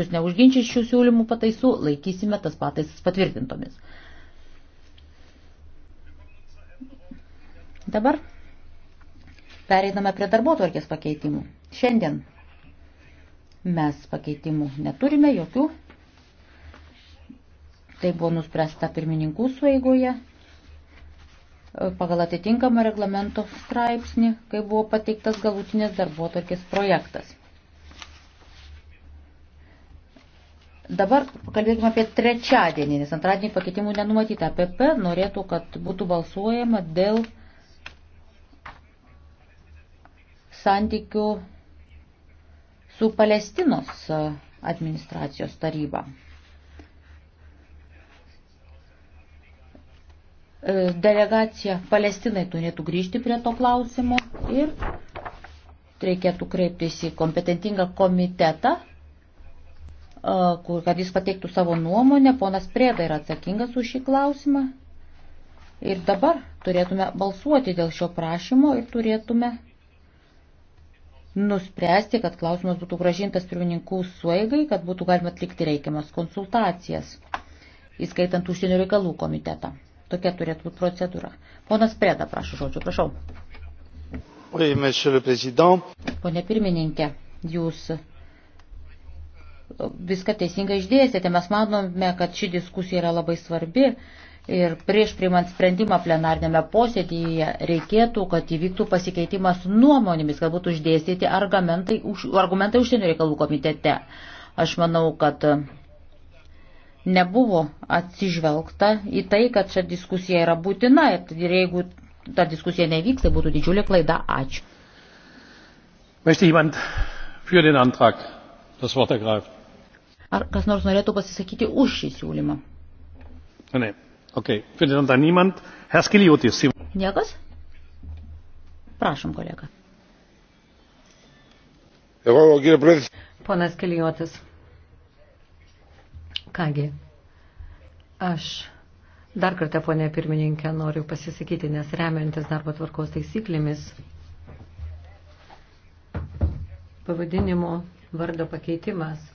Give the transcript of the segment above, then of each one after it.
Jūs neužginčiai šių siūlymų pataisų laikysime tas pataisas patvirtintomis. Dabar pereiname prie darbo tvarkės pakeitimų. Šiandien mes pakeitimų neturime jokių. Tai buvo nuspręsta pirmininkų sueigoje e, pagal atitinkamą reglamento straipsnį, kai buvo pateiktas galutinės darbo tvarkės projektas. Dabar kalbėkime apie trečiadienį, nes antradienį pakeitimų nenumatyta. APP norėtų, kad būtų balsuojama dėl santykių su Palestinos administracijos taryba. E, delegacija Palestinai turėtų grįžti prie to klausimo ir reikėtų kreiptis į kompetentingą komitetą kad jis pateiktų savo nuomonę. Ponas Prieda yra atsakingas už šį klausimą. Ir dabar turėtume balsuoti dėl šio prašymo ir turėtume nuspręsti, kad klausimas būtų gražintas pirmininkų suėgai, kad būtų galima atlikti reikiamas konsultacijas, įskaitant užsienio reikalų komitetą. Tokia turėtų būti procedūra. Ponas Preda, prašau žodžio, prašau. Oui, Pone pirmininkė, jūs viską teisingai išdėstėte. Mes manome, kad ši diskusija yra labai svarbi ir prieš priimant sprendimą plenarnėme posėdėje reikėtų, kad įvyktų pasikeitimas nuomonėmis, kad būtų išdėstyti argumentai, už, argumentai užsienio reikalų komitete. Aš manau, kad nebuvo atsižvelgta į tai, kad čia diskusija yra būtina ir jeigu ta diskusija nevyks, tai būtų didžiulė klaida. Ačiū. Möchte jemand für den Antrag das Wort ergreifen? Ar kas nors norėtų pasisakyti už šį siūlymą? Ne. Okay. Niekas? Prašom, kolega. Ponas Kilijotis. Kągi, aš dar kartą, ponė pirmininkė, noriu pasisakyti, nes remiantis darbo tvarkos taisyklėmis pavadinimo vardo pakeitimas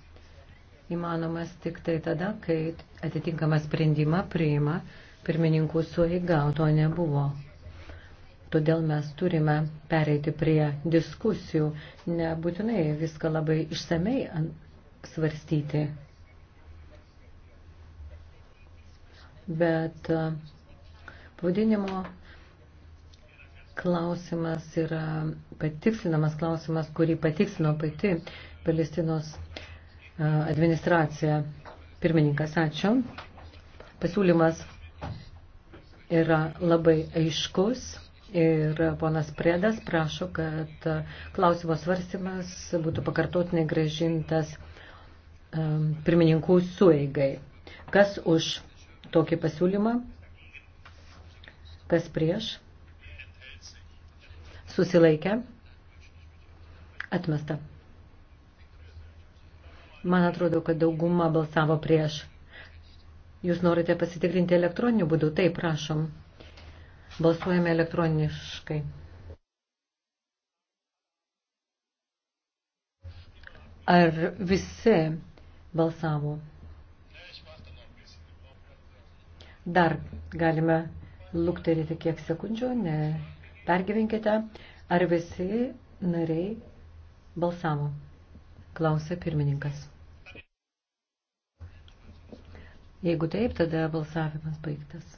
įmanomas tik tai tada, kai atitinkamą sprendimą priima pirmininkų sueiga, o to nebuvo. Todėl mes turime pereiti prie diskusijų, nebūtinai viską labai išsamei svarstyti. Bet pavadinimo klausimas yra patikslinamas klausimas, kurį patikslino pati Palestinos uh, administracija. Pirmininkas, ačiū. Pasiūlymas yra labai aiškus ir ponas Prėdas prašo, kad klausimo svarstymas būtų pakartotinai gražintas pirmininkų sueigai. Kas už tokį pasiūlymą? Kas prieš? Susilaikę? Atmesta. Man atrodo, kad dauguma balsavo prieš. Jūs norite pasitikrinti elektroniniu būdu? Taip, prašom. Balsuojame elektroniškai. Ar visi balsavo? Dar galime lukterėti kiek sekundžių, ne pergyvenkite. Ar visi nariai balsavo? Klausė pirmininkas. Jeigu taip, tada balsavimas baigtas.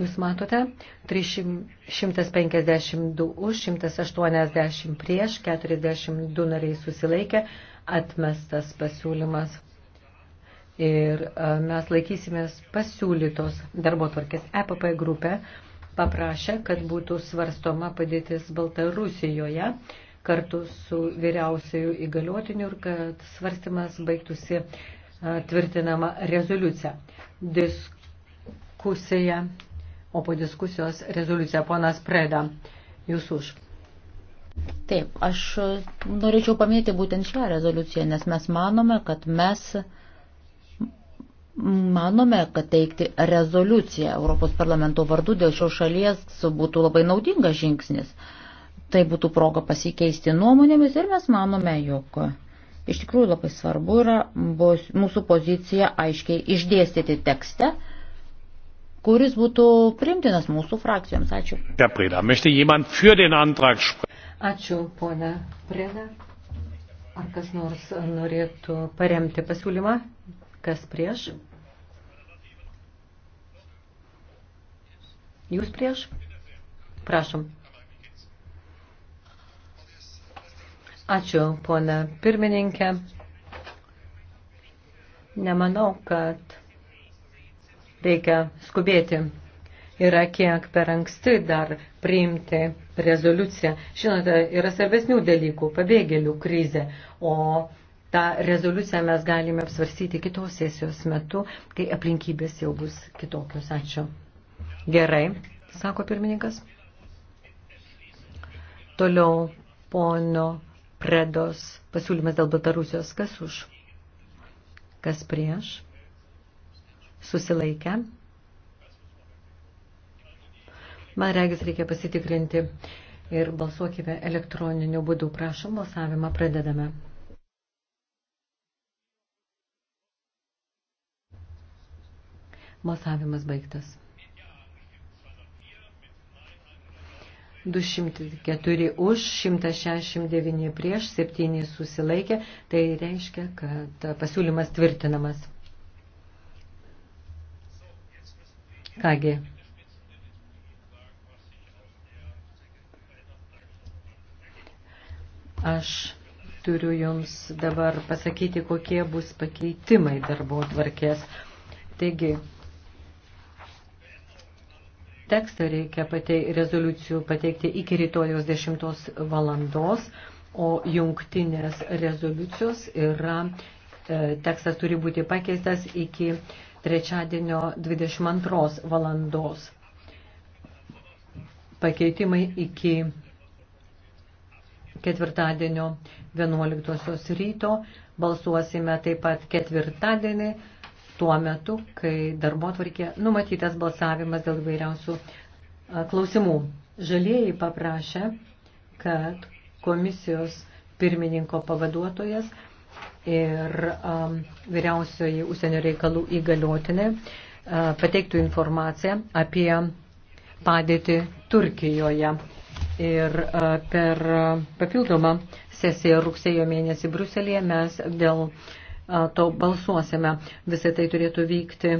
Jūs matote, 352 už, 180 prieš, 42 nariai susilaikė, atmestas pasiūlymas. Ir e, mes laikysimės pasiūlytos darbo tvarkės EPP grupė paprašė, kad būtų svarstoma padėtis Baltarusijoje kartu su vyriausiųjų įgaliotiniu ir kad svarstymas baigtųsi tvirtinama rezoliucija. Diskusija, o po diskusijos rezoliucija, ponas Preda, jūs už. Taip, aš norėčiau paminėti būtent šią rezoliuciją, nes mes manome, kad mes Manome, kad teikti rezoliuciją Europos parlamento vardu dėl šios šalies būtų labai naudingas žingsnis. Tai būtų proga pasikeisti nuomonėmis ir mes manome, jog iš tikrųjų labai svarbu yra bus, mūsų poziciją aiškiai išdėstyti tekste, kuris būtų primtinas mūsų frakcijoms. Ačiū. Ačiū, ponia Preda. Ar kas nors norėtų paremti pasiūlymą? Kas prieš? Jūs prieš? Prašom. Ačiū, ponė pirmininkė. Nemanau, kad reikia skubėti. Yra kiek per anksti dar priimti rezoliuciją. Žinote, yra svarbesnių dalykų - pabėgėlių krizė, o tą rezoliuciją mes galime apsvarstyti kitos sesijos metu, kai aplinkybės jau bus kitokios. Ačiū. Gerai, sako pirmininkas. Toliau pono Predos pasiūlymas dėl Baltarusijos. Kas už? Kas prieš? Susilaikę? Man regis reikia pasitikrinti ir balsuokime elektroniniu būdu. Prašom, balsavimą pradedame. Balsavimas baigtas. 204 už, 169 prieš, 7 susilaikė, tai reiškia, kad pasiūlymas tvirtinamas. Kągi. Aš turiu Jums dabar pasakyti, kokie bus pakeitimai darbo tvarkės. Taigi, tekstą reikia patei, rezoliucijų pateikti iki rytojos 10 valandos, o jungtinės rezoliucijos yra, e, tekstas turi būti pakeistas iki trečiadienio 22 valandos. Pakeitimai iki ketvirtadienio 11 ryto. Balsuosime taip pat ketvirtadienį tuo metu, kai darbo tvarkė numatytas balsavimas dėl vairiausių klausimų. Žalieji paprašė, kad komisijos pirmininko pavaduotojas ir um, vyriausioji užsienio reikalų įgaliotinė uh, pateiktų informaciją apie padėtį Turkijoje. Ir uh, per uh, papildomą sesiją rugsėjo mėnesį Bruselėje mes dėl uh, to balsuosime. Visai tai turėtų vykti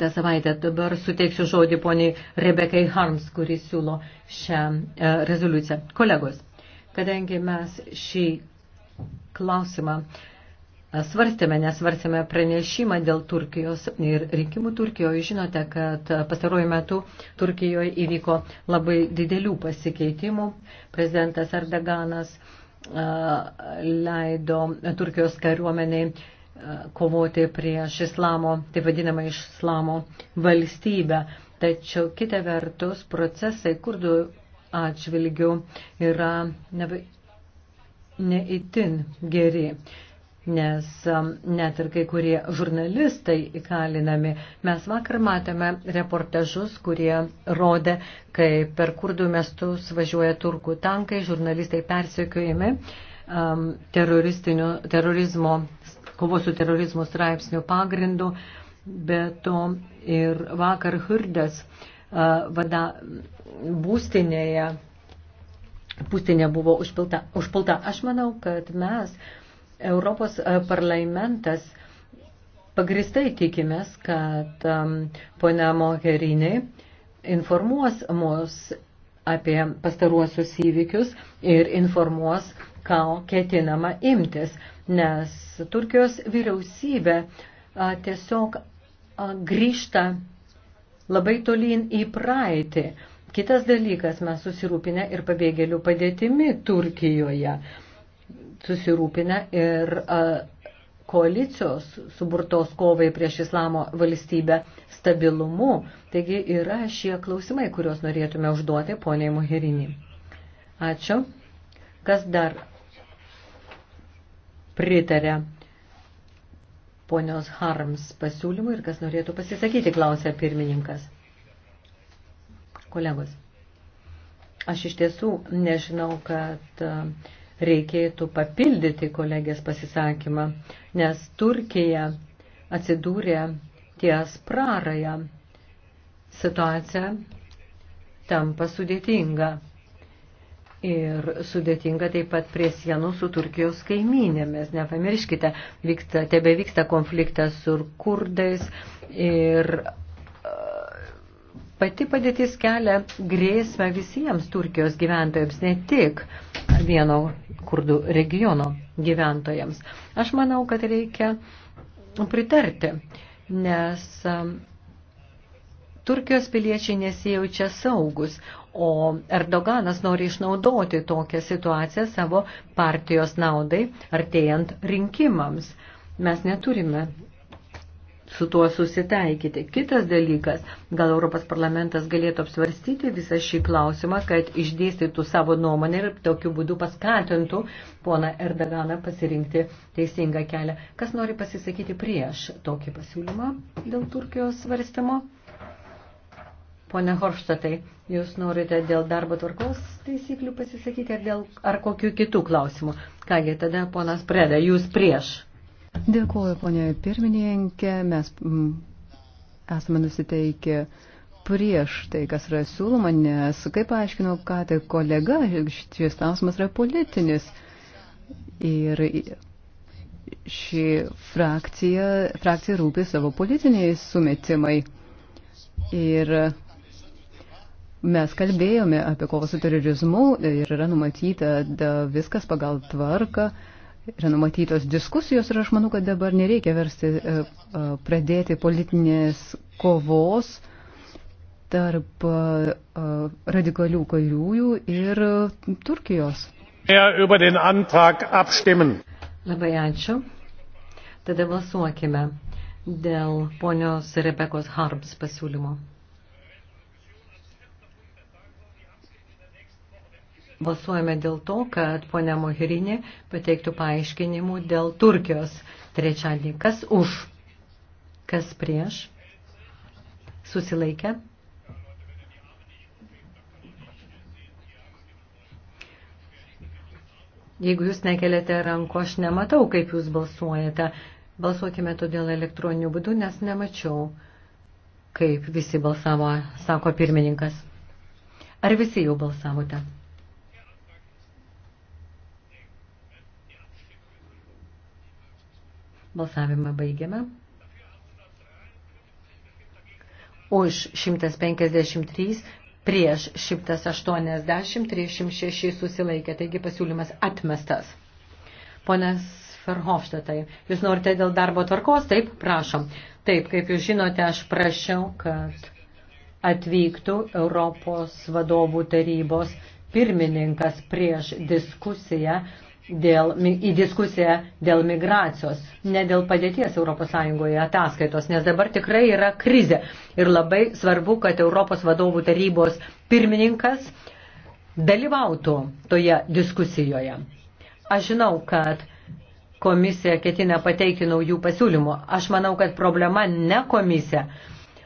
tą savaitę. Dabar suteiksiu žodį poniai Rebekai Harms, kuris siūlo šią e, rezoliuciją. Kolegos, kadangi mes šį klausimą e, svarstėme, nesvarstėme pranešimą dėl Turkijos ir rinkimų Turkijoje. Žinote, kad e, pastaruoju metu Turkijoje įvyko labai didelių pasikeitimų. Prezidentas Erdoganas leido Turkijos kariuomeniai kovoti prieš islamo, taip vadinamą islamo valstybę. Tačiau kita vertus procesai kurdų atžvilgių yra neįtin geri nes um, net ir kai kurie žurnalistai įkalinami. Mes vakar matėme reportažus, kurie rodė, kai per kurdų miestus važiuoja turkų tankai, žurnalistai persekiojami um, terorizmo, kovos su terorizmu straipsnių pagrindu, bet to ir vakar Hurdas uh, vada, būstinėje, būstinė buvo užpilta, užpilta. Aš manau, kad mes uh, Europos e, parlamentas pagristai tikimės, kad ponia Mogherini informuos mus apie pastaruosius įvykius ir informuos, ką ketinama imtis, nes Turkijos vyriausybė tiesiog grįžta labai tolyn į praeitį. Kitas dalykas, mes susirūpinę ir pabėgėlių padėtimi Turkijoje susirūpinę ir koalicijos suburtos kovai prieš islamo valstybę stabilumu. Taigi yra šie klausimai, kuriuos norėtume užduoti poniai Moherini. Ačiū. Kas dar pritarė ponios Harms pasiūlymui ir kas norėtų pasisakyti, klausė pirmininkas. Kolegos, aš iš tiesų nežinau, kad uh, reikėtų papildyti kolegės pasisakymą, nes Turkija atsidūrė ties praraja. Situacija tampa sudėtinga. Ir sudėtinga taip pat prie sienų su Turkijos kaiminėmis. Nepamirškite, vyksta, tebe vyksta konfliktas su kurdais ir e, pati padėtis kelia grėsmę visiems Turkijos gyventojams, ne tik vieno kurdų regiono gyventojams. Aš manau, kad reikia pritarti, nes um, Turkijos piliečiai nesijaučia saugus, o Erdoganas nori išnaudoti tokią situaciją savo partijos naudai artėjant rinkimams. Mes neturime su tuo susitaikyti. Kitas dalykas, gal Europos parlamentas galėtų apsvarstyti visą šį klausimą, kad išdėstytų savo nuomonę ir tokiu būdu paskatintų poną Erdaganą pasirinkti teisingą kelią. Kas nori pasisakyti prieš tokį pasiūlymą dėl Turkijos svarstymo? Pone Horštatai, jūs norite dėl darbo tvarkos taisyklių pasisakyti ar, dėl, ar kokiu kitų klausimų? Kągi, tada ponas Preda, jūs prieš. Dėkuoju, ponė pirmininkė. Mes mm, esame nusiteikę prieš tai, kas yra siūloma, nes, kaip aiškinau, ką tai kolega, šis klausimas yra politinis. Ir ši frakcija, frakcija rūpi savo politiniai sumetimai. Ir Mes kalbėjome apie kovą su terorizmu ir yra numatyta da, viskas pagal tvarką, yra numatytos diskusijos ir aš manau, kad dabar nereikia versti e, e, pradėti politinės kovos tarp e, radikalių kairiųjų ir Turkijos. Labai ačiū. Tada balsuokime dėl ponios Rebekos Harms pasiūlymo. Balsuojame dėl to, kad ponia Mohirinė pateiktų paaiškinimų dėl Turkijos trečiadienį. Kas už? Kas prieš? Susilaikę? Jeigu jūs nekeliate ranko, aš nematau, kaip jūs balsuojate. Balsuokime todėl elektroniniu būdu, nes nemačiau, kaip visi balsavo, sako pirmininkas. Ar visi jau balsavote? Balsavimą baigiame. Už 153, prieš 180, 306 susilaikė, taigi pasiūlymas atmestas. Ponas Ferhofštatai, jūs norite dėl darbo tvarkos? Taip, prašom. Taip, kaip jūs žinote, aš prašiau, kad atvyktų Europos vadovų tarybos pirmininkas prieš diskusiją dėl, į diskusiją dėl migracijos, ne dėl padėties ES ataskaitos, nes dabar tikrai yra krizė. Ir labai svarbu, kad Europos vadovų tarybos pirmininkas dalyvautų toje diskusijoje. Aš žinau, kad komisija ketina pateikti naujų pasiūlymų. Aš manau, kad problema ne komisija.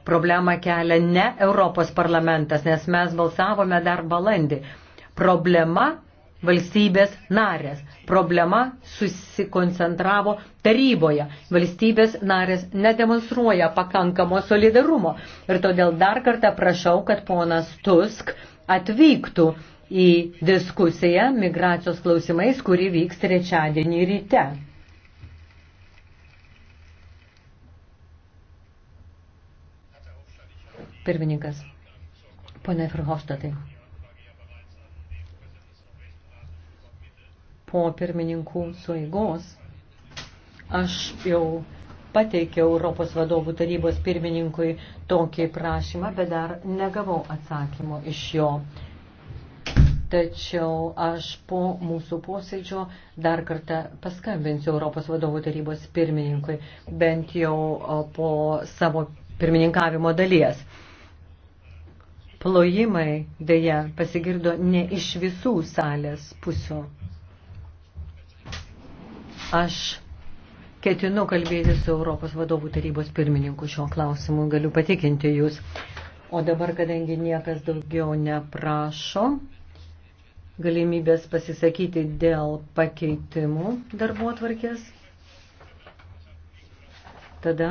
Problemą kelia ne Europos parlamentas, nes mes balsavome dar balandį Problema valstybės narės. Problema susikoncentravo taryboje. Valstybės narės nedemonstruoja pakankamo solidarumo. Ir todėl dar kartą prašau, kad ponas Tusk atvyktų į diskusiją migracijos klausimais, kuri vyks trečiadienį ryte. Pirmininkas. Pone Ferhofstatai. po pirmininkų sueigos aš jau pateikiau Europos vadovų tarybos pirmininkui tokį prašymą, bet dar negavau atsakymo iš jo. Tačiau aš po mūsų posėdžio dar kartą paskambinsiu Europos vadovų tarybos pirmininkui, bent jau po savo pirmininkavimo dalies. Plojimai dėja pasigirdo ne iš visų salės pusių. Aš ketinu kalbėti su Europos vadovų tarybos pirmininku šiuo klausimu, galiu patikinti jūs. O dabar, kadangi niekas daugiau neprašo galimybės pasisakyti dėl pakeitimų darbo tvarkės, tada